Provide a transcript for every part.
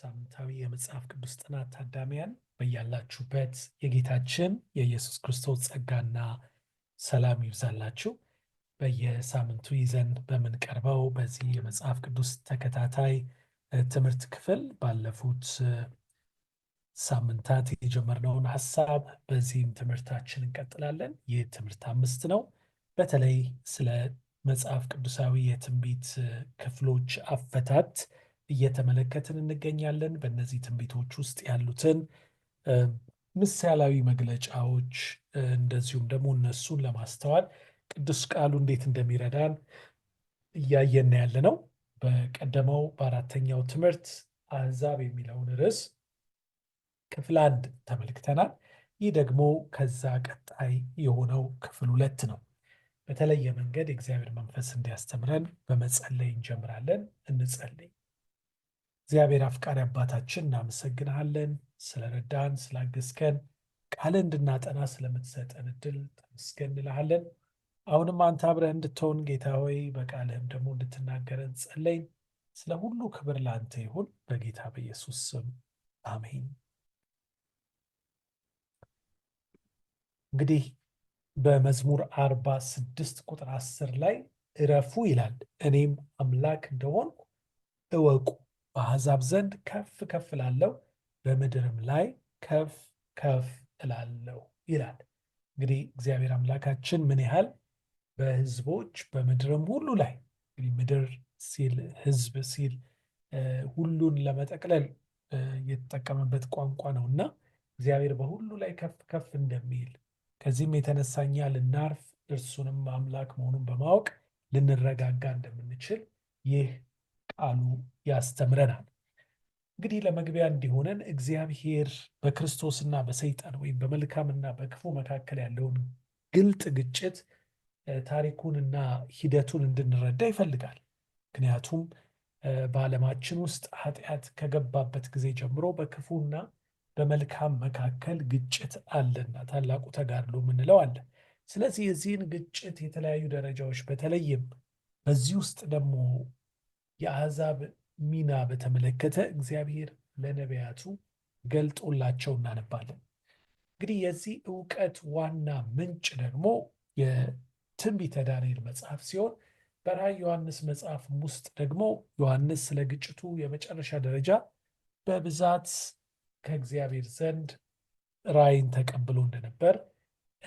ሳምንታዊ የመጽሐፍ ቅዱስ ጥናት ታዳሚያን በያላችሁበት የጌታችን የኢየሱስ ክርስቶስ ጸጋና ሰላም ይብዛላችሁ። በየሳምንቱ ይዘን በምንቀርበው በዚህ የመጽሐፍ ቅዱስ ተከታታይ ትምህርት ክፍል ባለፉት ሳምንታት የጀመርነውን ሀሳብ በዚህም ትምህርታችን እንቀጥላለን። ይህ ትምህርት አምስት ነው። በተለይ ስለ መጽሐፍ ቅዱሳዊ የትንቢት ክፍሎች አፈታት እየተመለከትን እንገኛለን። በእነዚህ ትንቢቶች ውስጥ ያሉትን ምሳሌያዊ መግለጫዎች እንደዚሁም ደግሞ እነሱን ለማስተዋል ቅዱስ ቃሉ እንዴት እንደሚረዳን እያየን ያለ ነው። በቀደመው በአራተኛው ትምህርት አሕዛብ የሚለውን ርዕስ ክፍል አንድ ተመልክተናል። ይህ ደግሞ ከዛ ቀጣይ የሆነው ክፍል ሁለት ነው። በተለየ መንገድ የእግዚአብሔር መንፈስ እንዲያስተምረን በመጸለይ እንጀምራለን። እንጸልይ። እግዚአብሔር አፍቃሪ አባታችን እናመሰግናለን፣ ስለረዳን፣ ስላገዝከን፣ ቃል እንድናጠና ስለምትሰጠን እድል ተመስገን እንልሃለን። አሁንም አንተ አብረህ እንድትሆን ጌታ ሆይ በቃልህም ደግሞ እንድትናገረን ጸለይን። ስለ ሁሉ ክብር ለአንተ ይሁን፣ በጌታ በኢየሱስ ስም አሜን። እንግዲህ በመዝሙር አርባ ስድስት ቁጥር አስር ላይ እረፉ ይላል፣ እኔም አምላክ እንደሆንኩ እወቁ በአሕዛብ ዘንድ ከፍ ከፍ እላለሁ፣ በምድርም ላይ ከፍ ከፍ እላለሁ ይላል። እንግዲህ እግዚአብሔር አምላካችን ምን ያህል በህዝቦች በምድርም ሁሉ ላይ እንግዲህ ምድር ሲል ህዝብ ሲል ሁሉን ለመጠቅለል የተጠቀመበት ቋንቋ ነው እና እግዚአብሔር በሁሉ ላይ ከፍ ከፍ እንደሚል ከዚህም የተነሳኛ ልናርፍ እርሱንም አምላክ መሆኑን በማወቅ ልንረጋጋ እንደምንችል ይህ ቃሉ ያስተምረናል። እንግዲህ ለመግቢያ እንዲሆነን እግዚአብሔር በክርስቶስና በሰይጣን ወይም በመልካምና በክፉ መካከል ያለውን ግልጥ ግጭት ታሪኩንና ሂደቱን እንድንረዳ ይፈልጋል። ምክንያቱም በዓለማችን ውስጥ ኃጢአት ከገባበት ጊዜ ጀምሮ በክፉና በመልካም መካከል ግጭት አለና ታላቁ ተጋድሎ የምንለው አለ። ስለዚህ የዚህን ግጭት የተለያዩ ደረጃዎች በተለይም በዚህ ውስጥ ደግሞ የአሕዛብ ሚና በተመለከተ እግዚአብሔር ለነቢያቱ ገልጦላቸው እናነባለን። እንግዲህ የዚህ እውቀት ዋና ምንጭ ደግሞ የትንቢተ ዳንኤል መጽሐፍ ሲሆን በራዕይ ዮሐንስ መጽሐፍ ውስጥ ደግሞ ዮሐንስ ስለ ግጭቱ የመጨረሻ ደረጃ በብዛት ከእግዚአብሔር ዘንድ ራይን ተቀብሎ እንደነበር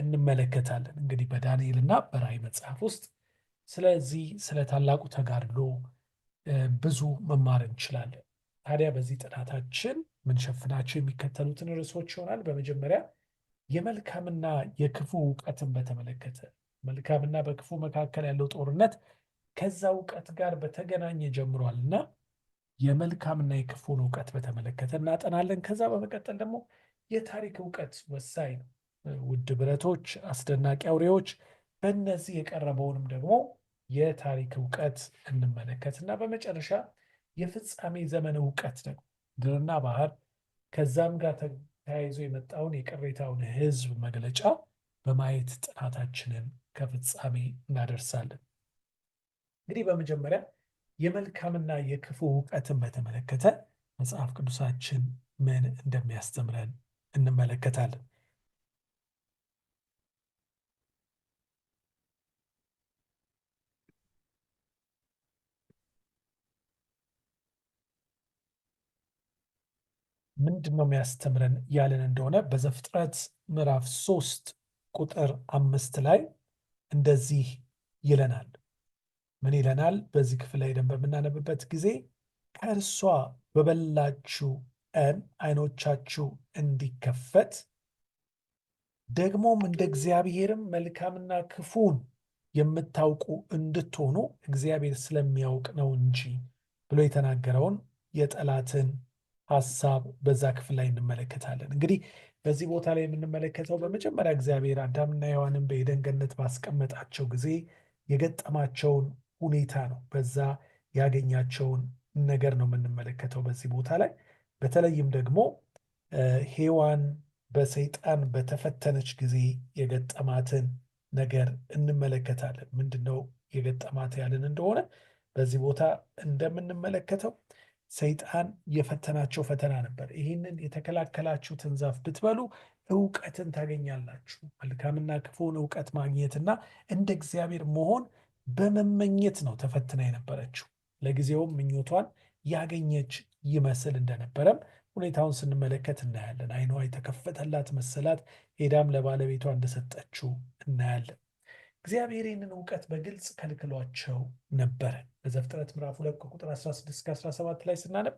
እንመለከታለን። እንግዲህ በዳንኤል እና በራዕይ መጽሐፍ ውስጥ ስለዚህ ስለ ታላቁ ተጋድሎ ብዙ መማር እንችላለን። ታዲያ በዚህ ጥናታችን ምንሸፍናቸው የሚከተሉትን ርዕሶች ይሆናል። በመጀመሪያ የመልካምና የክፉ እውቀትን በተመለከተ መልካምና በክፉ መካከል ያለው ጦርነት ከዛ እውቀት ጋር በተገናኘ ጀምሯል እና የመልካምና የክፉን እውቀት በተመለከተ እናጠናለን። ከዛ በመቀጠል ደግሞ የታሪክ እውቀት ወሳኝ ነው። ውድ ብረቶች፣ አስደናቂ አውሬዎች፣ በእነዚህ የቀረበውንም ደግሞ የታሪክ እውቀት እንመለከት እና በመጨረሻ የፍጻሜ ዘመን እውቀት ደግሞ ድርና ባህር ከዛም ጋር ተያይዞ የመጣውን የቅሬታውን ህዝብ መግለጫ በማየት ጥናታችንን ከፍጻሜ እናደርሳለን። እንግዲህ በመጀመሪያ የመልካምና የክፉ እውቀትን በተመለከተ መጽሐፍ ቅዱሳችን ምን እንደሚያስተምረን እንመለከታለን። ምንድን ነው የሚያስተምረን ያለን እንደሆነ በዘፍጥረት ምዕራፍ ሶስት ቁጥር አምስት ላይ እንደዚህ ይለናል። ምን ይለናል? በዚህ ክፍል ላይ ደን በምናነብበት ጊዜ ከእርሷ በበላችሁ ቀን ዓይኖቻችሁ እንዲከፈት ደግሞም እንደ እግዚአብሔርም መልካምና ክፉን የምታውቁ እንድትሆኑ እግዚአብሔር ስለሚያውቅ ነው እንጂ ብሎ የተናገረውን የጠላትን ሀሳብ በዛ ክፍል ላይ እንመለከታለን። እንግዲህ በዚህ ቦታ ላይ የምንመለከተው በመጀመሪያ እግዚአብሔር አዳምና ሔዋንን በኤደን ገነት ባስቀመጣቸው ጊዜ የገጠማቸውን ሁኔታ ነው። በዛ ያገኛቸውን ነገር ነው የምንመለከተው በዚህ ቦታ ላይ በተለይም ደግሞ ሔዋን በሰይጣን በተፈተነች ጊዜ የገጠማትን ነገር እንመለከታለን። ምንድን ነው የገጠማት ያለን እንደሆነ በዚህ ቦታ እንደምንመለከተው ሰይጣን የፈተናቸው ፈተና ነበር። ይህንን የተከላከላችሁትን ዛፍ ብትበሉ እውቀትን ታገኛላችሁ። መልካምና ክፉን እውቀት ማግኘትና እንደ እግዚአብሔር መሆን በመመኘት ነው ተፈትና የነበረችው። ለጊዜውም ምኞቷን ያገኘች ይመስል እንደነበረም ሁኔታውን ስንመለከት እናያለን። ዓይኗ የተከፈተላት መሰላት፣ ሄዳም ለባለቤቷ እንደሰጠችው እናያለን። እግዚአብሔር ይህንን እውቀት በግልጽ ከልክሏቸው ነበረ። በዘፍጥረት ምዕራፍ ሁለት ከቁጥር 16 17 ላይ ስናነብ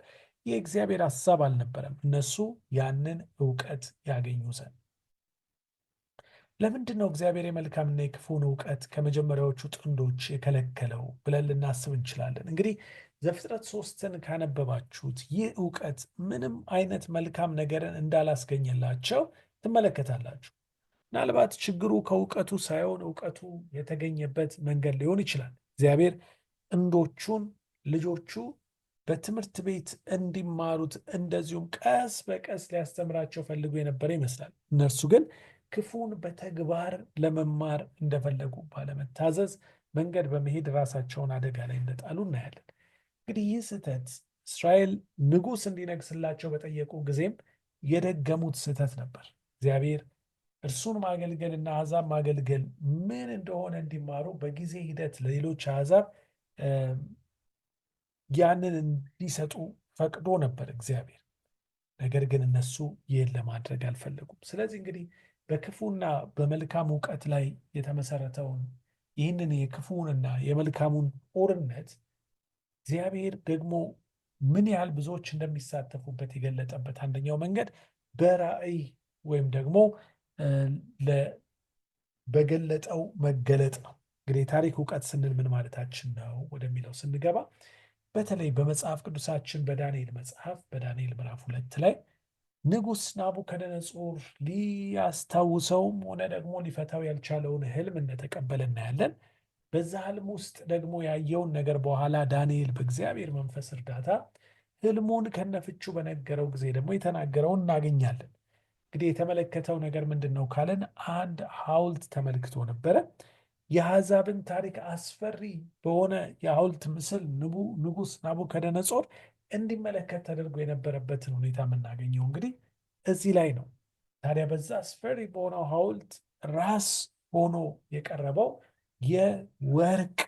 የእግዚአብሔር ሐሳብ አልነበረም እነሱ ያንን እውቀት ያገኙ ዘንድ። ለምንድን ነው እግዚአብሔር የመልካምና የክፉን እውቀት ከመጀመሪያዎቹ ጥንዶች የከለከለው ብለን ልናስብ እንችላለን። እንግዲህ ዘፍጥረት ሶስትን ካነበባችሁት ይህ እውቀት ምንም አይነት መልካም ነገርን እንዳላስገኘላቸው ትመለከታላችሁ። ምናልባት ችግሩ ከእውቀቱ ሳይሆን እውቀቱ የተገኘበት መንገድ ሊሆን ይችላል። እግዚአብሔር ጥንዶቹን ልጆቹ በትምህርት ቤት እንዲማሩት እንደዚሁም ቀስ በቀስ ሊያስተምራቸው ፈልጎ የነበረ ይመስላል። እነርሱ ግን ክፉን በተግባር ለመማር እንደፈለጉ ባለመታዘዝ መንገድ በመሄድ ራሳቸውን አደጋ ላይ እንደጣሉ እናያለን። እንግዲህ ይህ ስህተት እስራኤል ንጉሥ እንዲነግስላቸው በጠየቁ ጊዜም የደገሙት ስህተት ነበር። እግዚአብሔር እርሱን ማገልገል እና አሕዛብ ማገልገል ምን እንደሆነ እንዲማሩ በጊዜ ሂደት ለሌሎች አሕዛብ ያንን እንዲሰጡ ፈቅዶ ነበር እግዚአብሔር። ነገር ግን እነሱ ይህን ለማድረግ አልፈለጉም። ስለዚህ እንግዲህ በክፉና በመልካም እውቀት ላይ የተመሰረተውን ይህንን የክፉንና የመልካሙን ጦርነት እግዚአብሔር ደግሞ ምን ያህል ብዙዎች እንደሚሳተፉበት የገለጠበት አንደኛው መንገድ በራእይ ወይም ደግሞ በገለጠው መገለጥ ነው። እንግዲህ የታሪክ እውቀት ስንል ምን ማለታችን ነው ወደሚለው ስንገባ በተለይ በመጽሐፍ ቅዱሳችን በዳንኤል መጽሐፍ በዳንኤል ምዕራፍ ሁለት ላይ ንጉሥ ናቡከደነጾር ሊያስታውሰውም ሆነ ደግሞ ሊፈታው ያልቻለውን ህልም እንደተቀበለ እናያለን። በዛ ህልም ውስጥ ደግሞ ያየውን ነገር በኋላ ዳንኤል በእግዚአብሔር መንፈስ እርዳታ ህልሙን ከነፍቹ በነገረው ጊዜ ደግሞ የተናገረውን እናገኛለን። እንግዲህ የተመለከተው ነገር ምንድን ነው ካለን አንድ ሐውልት ተመልክቶ ነበረ። የአሕዛብን ታሪክ አስፈሪ በሆነ የሐውልት ምስል ንጉሥ ናቡከደነጾር እንዲመለከት ተደርጎ የነበረበትን ሁኔታ የምናገኘው እንግዲህ እዚህ ላይ ነው። ታዲያ በዛ አስፈሪ በሆነው ሐውልት ራስ ሆኖ የቀረበው የወርቅ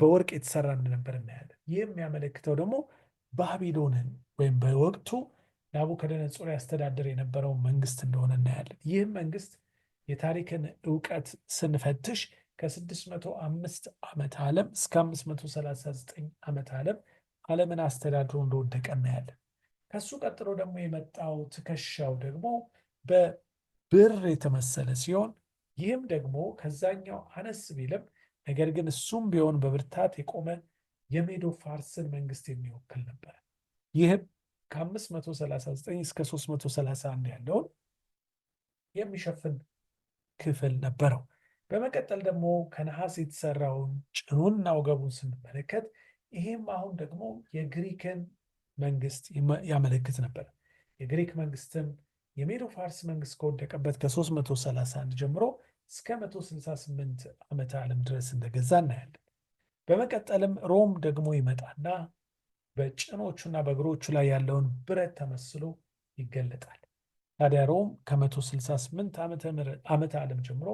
በወርቅ የተሰራ እንደነበር እናያለን። ይህ የሚያመለክተው ደግሞ ባቢሎንን ወይም በወቅቱ ናቡከደነጾር ያስተዳድር የነበረው መንግስት እንደሆነ እናያለን። ይህም መንግስት የታሪክን እውቀት ስንፈትሽ ከ605 ዓመት ዓለም እስከ 539 ዓመት ዓለም ዓለምን አስተዳድሮ እንደወደቀ እናያለን። ከሱ ቀጥሎ ደግሞ የመጣው ትከሻው ደግሞ በብር የተመሰለ ሲሆን ይህም ደግሞ ከዛኛው አነስ ቢልም ነገር ግን እሱም ቢሆን በብርታት የቆመ የሜዶ ፋርስን መንግስት የሚወክል ነበር። ይህም ከ539 እስከ 331 ያለውን የሚሸፍን ክፍል ነበረው። በመቀጠል ደግሞ ከነሐስ የተሰራውን ጭኑና ወገቡን ስንመለከት ይህም አሁን ደግሞ የግሪክን መንግስት ያመለክት ነበር። የግሪክ መንግስትም የሜዶ ፋርስ መንግስት ከወደቀበት ከ331 ጀምሮ እስከ 168 ዓመተ ዓለም ድረስ እንደገዛ እናያለን። በመቀጠልም ሮም ደግሞ ይመጣና በጭኖቹና በእግሮቹ ላይ ያለውን ብረት ተመስሎ ይገለጣል። ታዲያ ሮም ከ168 ዓመተ ዓለም ጀምሮ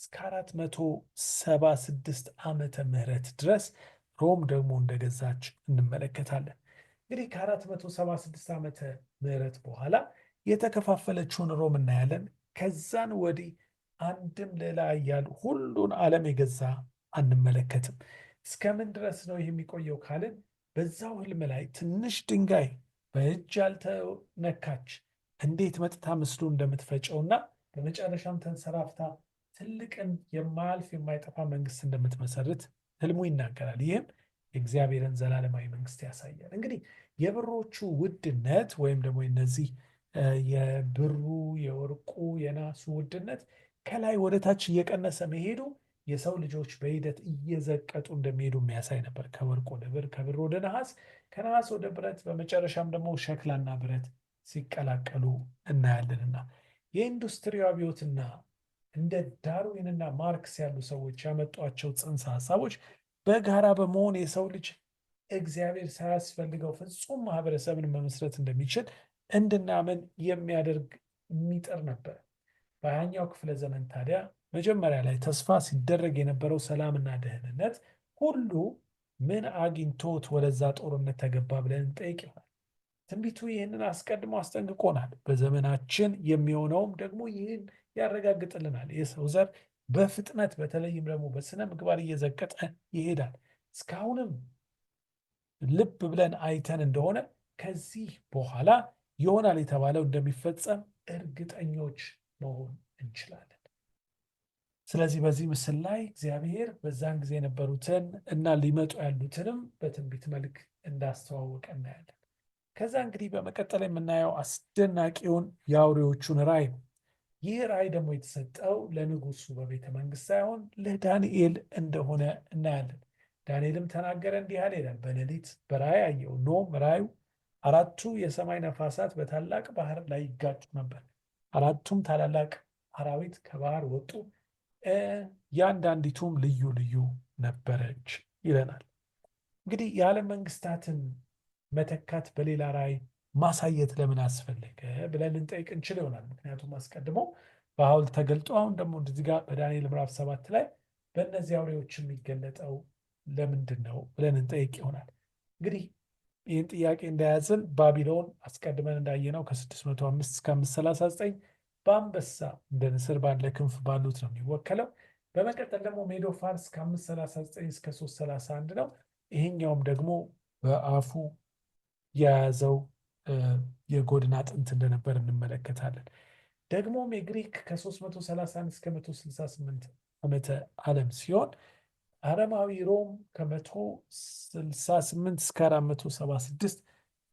እስከ 476 ዓመተ ምህረት ድረስ ሮም ደግሞ እንደገዛች እንመለከታለን። እንግዲህ ከ476 ዓመተ ምህረት በኋላ የተከፋፈለችውን ሮም እናያለን። ከዛን ወዲህ አንድም ሌላ እያሉ ሁሉን ዓለም የገዛ አንመለከትም። እስከምን ድረስ ነው ይህ የሚቆየው ካልን በዛው ህልም ላይ ትንሽ ድንጋይ በእጅ ያልተነካች እንዴት መጥታ ምስሉ እንደምትፈጨውና በመጨረሻም ተንሰራፍታ ትልቅን የማያልፍ የማይጠፋ መንግስት እንደምትመሰርት ህልሙ ይናገራል። ይህም የእግዚአብሔርን ዘላለማዊ መንግስት ያሳያል። እንግዲህ የብሮቹ ውድነት ወይም ደግሞ እነዚህ የብሩ የወርቁ የናሱ ውድነት ከላይ ወደታች እየቀነሰ መሄዱ የሰው ልጆች በሂደት እየዘቀጡ እንደሚሄዱ የሚያሳይ ነበር። ከወርቅ ወደ ብር፣ ከብር ወደ ነሐስ፣ ከነሐስ ወደ ብረት፣ በመጨረሻም ደግሞ ሸክላና ብረት ሲቀላቀሉ እናያለንና የኢንዱስትሪ አብዮትና እንደ ዳርዊንና ማርክስ ያሉ ሰዎች ያመጧቸው ጽንሰ ሀሳቦች በጋራ በመሆን የሰው ልጅ እግዚአብሔር ሳያስፈልገው ፍጹም ማህበረሰብን መመስረት እንደሚችል እንድናምን የሚያደርግ የሚጥር ነበር። በሀያኛው ክፍለ ዘመን ታዲያ መጀመሪያ ላይ ተስፋ ሲደረግ የነበረው ሰላምና ደህንነት ሁሉ ምን አግኝቶት ወደዛ ጦርነት ተገባ ብለን እንጠይቅ ይሆናል። ትንቢቱ ይህንን አስቀድሞ አስጠንቅቆናል። በዘመናችን የሚሆነውም ደግሞ ይህን ያረጋግጥልናል። የሰው ዘር በፍጥነት በተለይም ደግሞ በስነ ምግባር እየዘቀጠ ይሄዳል። እስካሁንም ልብ ብለን አይተን እንደሆነ ከዚህ በኋላ ይሆናል የተባለው እንደሚፈጸም እርግጠኞች መሆን እንችላለን። ስለዚህ በዚህ ምስል ላይ እግዚአብሔር በዛን ጊዜ የነበሩትን እና ሊመጡ ያሉትንም በትንቢት መልክ እንዳስተዋወቀ እናያለን። ከዛ እንግዲህ በመቀጠል የምናየው አስደናቂውን የአውሬዎቹን ራእይ ነው። ይህ ራእይ ደግሞ የተሰጠው ለንጉሱ በቤተ መንግስት ሳይሆን ለዳንኤል እንደሆነ እናያለን። ዳንኤልም ተናገረ እንዲህ አለ ይላል። በሌሊት በራእይ አየሁ፣ ኖም ራእዩ አራቱ የሰማይ ነፋሳት በታላቅ ባህር ላይ ይጋጩ ነበር። አራቱም ታላላቅ አራዊት ከባህር ወጡ ያንዳንዲቱም ልዩ ልዩ ነበረች ይለናል። እንግዲህ የዓለም መንግስታትን መተካት በሌላ ራይ ማሳየት ለምን አስፈለገ ብለን ልንጠይቅ እንችል ይሆናል። ምክንያቱም አስቀድሞ በሐውልት ተገልጦ አሁን ደግሞ እንደዚህ ጋር በዳንኤል ምዕራፍ ሰባት ላይ በእነዚህ አውሬዎች የሚገለጠው ለምንድን ነው ብለን እንጠይቅ ይሆናል። እንግዲህ ይህን ጥያቄ እንዳያዝን ባቢሎን አስቀድመን እንዳየነው ከ605 እስከ 539 በአንበሳ እንደ ንስር ባለ ክንፍ ባሉት ነው የሚወከለው። በመቀጠል ደግሞ ሜዶ ፋርስ ከ539 እስከ 331 ነው። ይሄኛውም ደግሞ በአፉ የያዘው የጎድን አጥንት እንደነበር እንመለከታለን። ደግሞም የግሪክ ከ331 እስከ 168 ዓመተ ዓለም ሲሆን አረማዊ ሮም ከ168 እስከ 476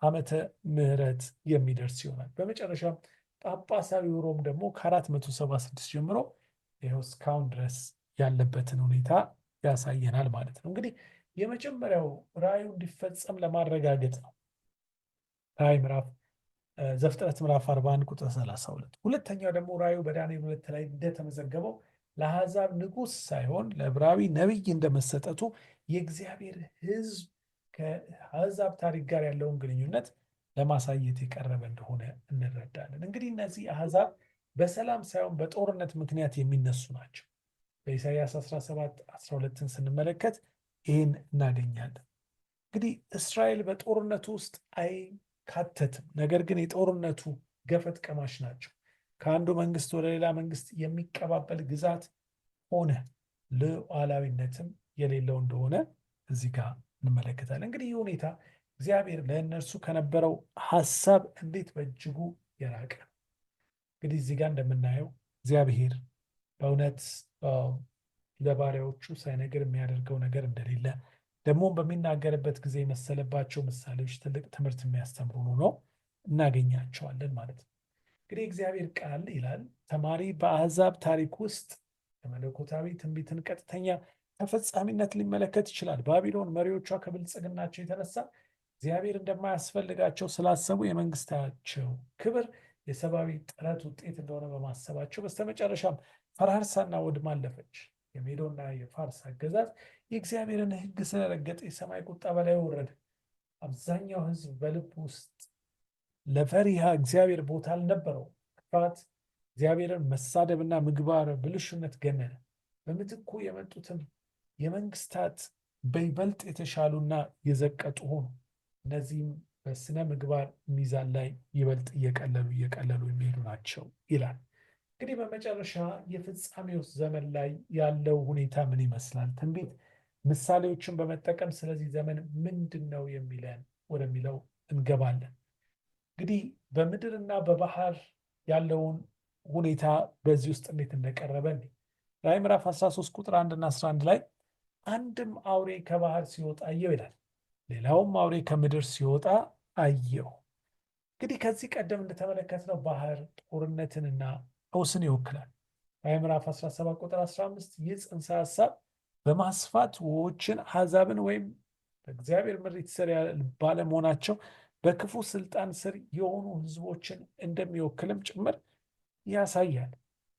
ዓመተ ምህረት የሚደርስ ይሆናል። በመጨረሻም ጳጳሳዊው ሮም ደግሞ ከ476 ጀምሮ ይኸው እስካሁን ድረስ ያለበትን ሁኔታ ያሳየናል ማለት ነው። እንግዲህ የመጀመሪያው ራእዩ እንዲፈጸም ለማረጋገጥ ነው። ራእይ ምዕራፍ ዘፍጥረት ምዕራፍ 41 ቁጥር 32። ሁለተኛው ደግሞ ራእዩ በዳንኤል ሁለት ላይ እንደተመዘገበው ለአሕዛብ ንጉሥ ሳይሆን ለዕብራዊ ነቢይ እንደመሰጠቱ የእግዚአብሔር ሕዝብ ከአሕዛብ ታሪክ ጋር ያለውን ግንኙነት ለማሳየት የቀረበ እንደሆነ እንረዳለን። እንግዲህ እነዚህ አህዛብ በሰላም ሳይሆን በጦርነት ምክንያት የሚነሱ ናቸው። በኢሳይያስ 17 12ን ስንመለከት ይህን እናገኛለን። እንግዲህ እስራኤል በጦርነቱ ውስጥ አይካተትም፣ ነገር ግን የጦርነቱ ገፈት ቀማሽ ናቸው። ከአንዱ መንግስት ወደ ሌላ መንግስት የሚቀባበል ግዛት ሆነ ሉዓላዊነትም የሌለው እንደሆነ እዚህ ጋር እንመለከታለን። እንግዲህ ይህ ሁኔታ እግዚአብሔር ለእነርሱ ከነበረው ሀሳብ እንዴት በእጅጉ የራቀ ነው። እንግዲህ እዚህ ጋር እንደምናየው እግዚአብሔር በእውነት ለባሪያዎቹ ሳይነገር የሚያደርገው ነገር እንደሌለ ደግሞም በሚናገርበት ጊዜ የመሰለባቸው ምሳሌዎች ትልቅ ትምህርት የሚያስተምሩ ነው እናገኛቸዋለን ማለት ነው። እንግዲህ እግዚአብሔር ቃል ይላል ተማሪ በአሕዛብ ታሪክ ውስጥ የመለኮታዊ ትንቢትን ቀጥተኛ ተፈጻሚነት ሊመለከት ይችላል። ባቢሎን መሪዎቿ ከብልጽግናቸው የተነሳ እግዚአብሔር እንደማያስፈልጋቸው ስላሰቡ የመንግስታቸው ክብር የሰብአዊ ጥረት ውጤት እንደሆነ በማሰባቸው በስተመጨረሻም ፈራርሳና ወድማ አለፈች። የሜዶና የፋርስ አገዛዝ የእግዚአብሔርን ሕግ ስለረገጠ የሰማይ ቁጣ በላይ ወረደ። አብዛኛው ሕዝብ በልብ ውስጥ ለፈሪሃ እግዚአብሔር ቦታ አልነበረው። ክፋት፣ እግዚአብሔርን መሳደብና ምግባር ብልሹነት ገነነ። በምትኩ የመጡትም የመንግስታት በይበልጥ የተሻሉና የዘቀጡ ሆኑ። እነዚህም በስነ ምግባር ሚዛን ላይ ይበልጥ እየቀለሉ እየቀለሉ የሚሄዱ ናቸው ይላል። እንግዲህ በመጨረሻ የፍጻሜው ዘመን ላይ ያለው ሁኔታ ምን ይመስላል? ትንቢት ምሳሌዎችን በመጠቀም ስለዚህ ዘመን ምንድን ነው የሚለን ወደሚለው እንገባለን። እንግዲህ በምድርና በባህር ያለውን ሁኔታ በዚህ ውስጥ እንዴት እንደቀረበን ራዕይ ምዕራፍ 13 ቁጥር 1 እና 11 ላይ አንድም አውሬ ከባህር ሲወጣ አየሁ ይላል። ሌላውም አውሬ ከምድር ሲወጣ አየው እንግዲህ ከዚህ ቀደም እንደተመለከትነው ባህር ጦርነትንና ቀውስን ይወክላል። ራዕይ ምዕራፍ 17 ቁጥር 15 ይህ ጽንሰ ሐሳብ በማስፋት ውዎችን አሕዛብን ወይም በእግዚአብሔር ምሪት ስር ባለመሆናቸው በክፉ ስልጣን ስር የሆኑ ህዝቦችን እንደሚወክልም ጭምር ያሳያል።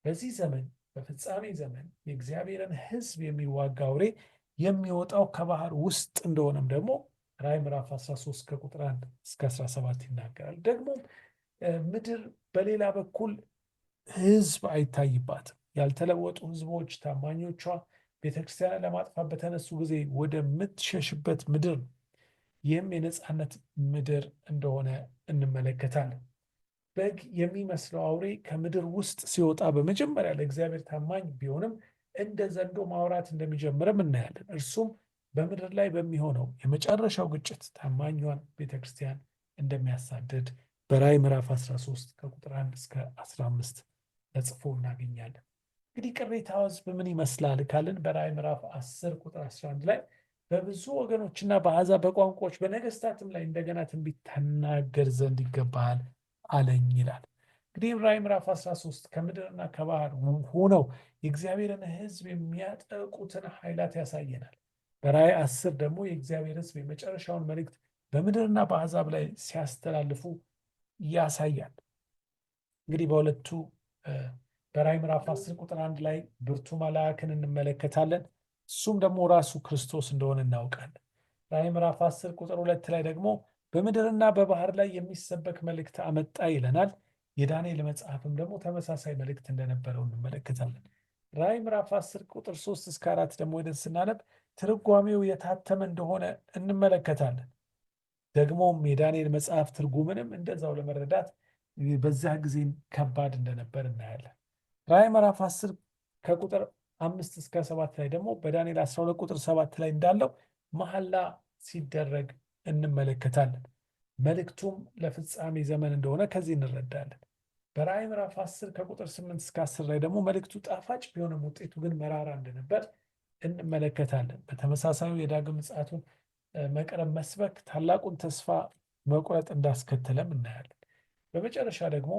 በዚህ ዘመን በፍጻሜ ዘመን የእግዚአብሔርን ህዝብ የሚዋጋ አውሬ የሚወጣው ከባህር ውስጥ እንደሆነም ደግሞ ራይ ምዕራፍ 13 ከቁጥር 1 እስከ 17 ይናገራል። ደግሞ ምድር በሌላ በኩል ህዝብ አይታይባትም። ያልተለወጡ ህዝቦች ታማኞቿ ቤተክርስቲያን ለማጥፋት በተነሱ ጊዜ ወደምትሸሽበት ምድር ነው። ይህም የነፃነት ምድር እንደሆነ እንመለከታለን። በግ የሚመስለው አውሬ ከምድር ውስጥ ሲወጣ በመጀመሪያ ለእግዚአብሔር ታማኝ ቢሆንም እንደ ዘንዶ ማውራት እንደሚጀምርም እናያለን። እርሱም በምድር ላይ በሚሆነው የመጨረሻው ግጭት ታማኟን ቤተ ክርስቲያን እንደሚያሳድድ በራእይ ምዕራፍ 13 ከቁጥር 1 እስከ 15 ተጽፎ እናገኛለን። እንግዲህ ቅሬታ ሕዝብ ምን ይመስላል ካልን በራእይ ምዕራፍ 10 ቁጥር 11 ላይ በብዙ ወገኖችና በአሕዛብ በቋንቋዎች በነገስታትም ላይ እንደገና ትንቢት ተናገር ዘንድ ይገባሃል አለኝ ይላል። እንግዲህ ራእይ ምዕራፍ 13 ከምድርና ከባህር ሆነው የእግዚአብሔርን ሕዝብ የሚያጠቁትን ኃይላት ያሳየናል። በራእይ አስር ደግሞ የእግዚአብሔር ህዝብ የመጨረሻውን መልእክት በምድርና በአሕዛብ ላይ ሲያስተላልፉ ያሳያል። እንግዲህ በሁለቱ በራይ ምዕራፍ አስር ቁጥር አንድ ላይ ብርቱ መልአክን እንመለከታለን። እሱም ደግሞ ራሱ ክርስቶስ እንደሆነ እናውቃለን። ራይ ምዕራፍ አስር ቁጥር ሁለት ላይ ደግሞ በምድርና በባህር ላይ የሚሰበክ መልእክት አመጣ ይለናል። የዳንኤል መጽሐፍም ደግሞ ተመሳሳይ መልእክት እንደነበረው እንመለከታለን። ራዕይ ምዕራፍ 10 ቁጥር 3 እስከ 4 ደግሞ ሄደን ስናነብ ትርጓሜው የታተመ እንደሆነ እንመለከታለን። ደግሞም የዳንኤል መጽሐፍ ትርጉምንም እንደዛው ለመረዳት በዚያ ጊዜም ከባድ እንደነበር እናያለን። ራዕይ ምዕራፍ 10 ከቁጥር አምስት እስከ ሰባት ላይ ደግሞ በዳንኤል 12 ቁጥር ሰባት ላይ እንዳለው መሐላ ሲደረግ እንመለከታለን። መልእክቱም ለፍጻሜ ዘመን እንደሆነ ከዚህ እንረዳለን። በራእይ ምዕራፍ 10 ከቁጥር 8 እስከ 10 ላይ ደግሞ መልእክቱ ጣፋጭ ቢሆንም ውጤቱ ግን መራራ እንደነበር እንመለከታለን። በተመሳሳዩ የዳግም ምጽአቱን መቅረብ መስበክ ታላቁን ተስፋ መቁረጥ እንዳስከተለም እናያለን። በመጨረሻ ደግሞ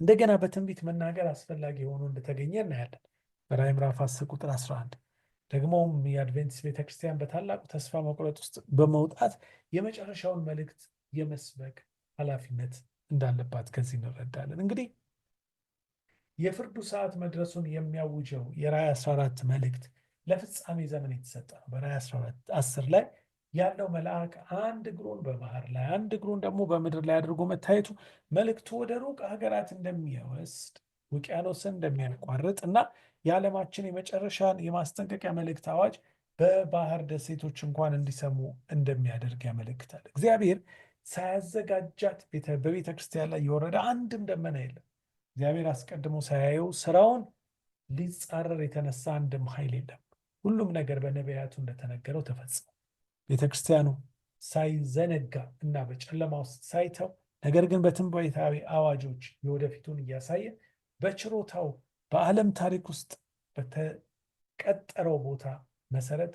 እንደገና በትንቢት መናገር አስፈላጊ ሆኖ እንደተገኘ እናያለን። በራእይ ምዕራፍ 10 ቁጥር 11 ደግሞም የአድቬንቲስት ቤተክርስቲያን በታላቁ ተስፋ መቁረጥ ውስጥ በመውጣት የመጨረሻውን መልእክት የመስበክ ኃላፊነት እንዳለባት ከዚህ እንረዳለን። እንግዲህ የፍርዱ ሰዓት መድረሱን የሚያውጀው የራእይ 14 መልእክት ለፍጻሜ ዘመን የተሰጠ ነው። በራእይ 14 10 ላይ ያለው መልአክ አንድ እግሩን በባህር ላይ አንድ እግሩን ደግሞ በምድር ላይ አድርጎ መታየቱ መልእክቱ ወደ ሩቅ ሀገራት እንደሚወስድ ውቅያኖስን እንደሚያቋርጥ እና የዓለማችን የመጨረሻን የማስጠንቀቂያ መልእክት አዋጅ በባህር ደሴቶች እንኳን እንዲሰሙ እንደሚያደርግ ያመለክታል። እግዚአብሔር ሳያዘጋጃት በቤተ ክርስቲያን ላይ የወረደ አንድም ደመና የለም። እግዚአብሔር አስቀድሞ ሳያየው ስራውን ሊጻረር የተነሳ አንድም ኃይል የለም። ሁሉም ነገር በነቢያቱ እንደተነገረው ተፈጸመ። ቤተ ክርስቲያኑ ሳይዘነጋ እና በጨለማ ውስጥ ሳይተው ነገር ግን በትንቢታዊ አዋጆች የወደፊቱን እያሳየ በችሮታው በዓለም ታሪክ ውስጥ በተቀጠረው ቦታ መሰረት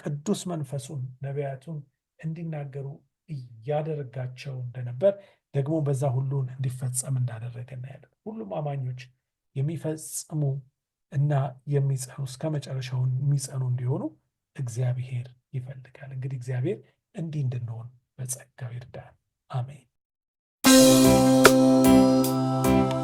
ቅዱስ መንፈሱን ነቢያቱን እንዲናገሩ እያደረጋቸው እንደነበር ደግሞ በዛ ሁሉን እንዲፈጸም እንዳደረገ እናያለን። ሁሉም አማኞች የሚፈጽሙ እና የሚጸኑ እስከ መጨረሻውን የሚጸኑ እንዲሆኑ እግዚአብሔር ይፈልጋል። እንግዲህ እግዚአብሔር እንዲህ እንድንሆን በጸጋው ይርዳል። አሜን።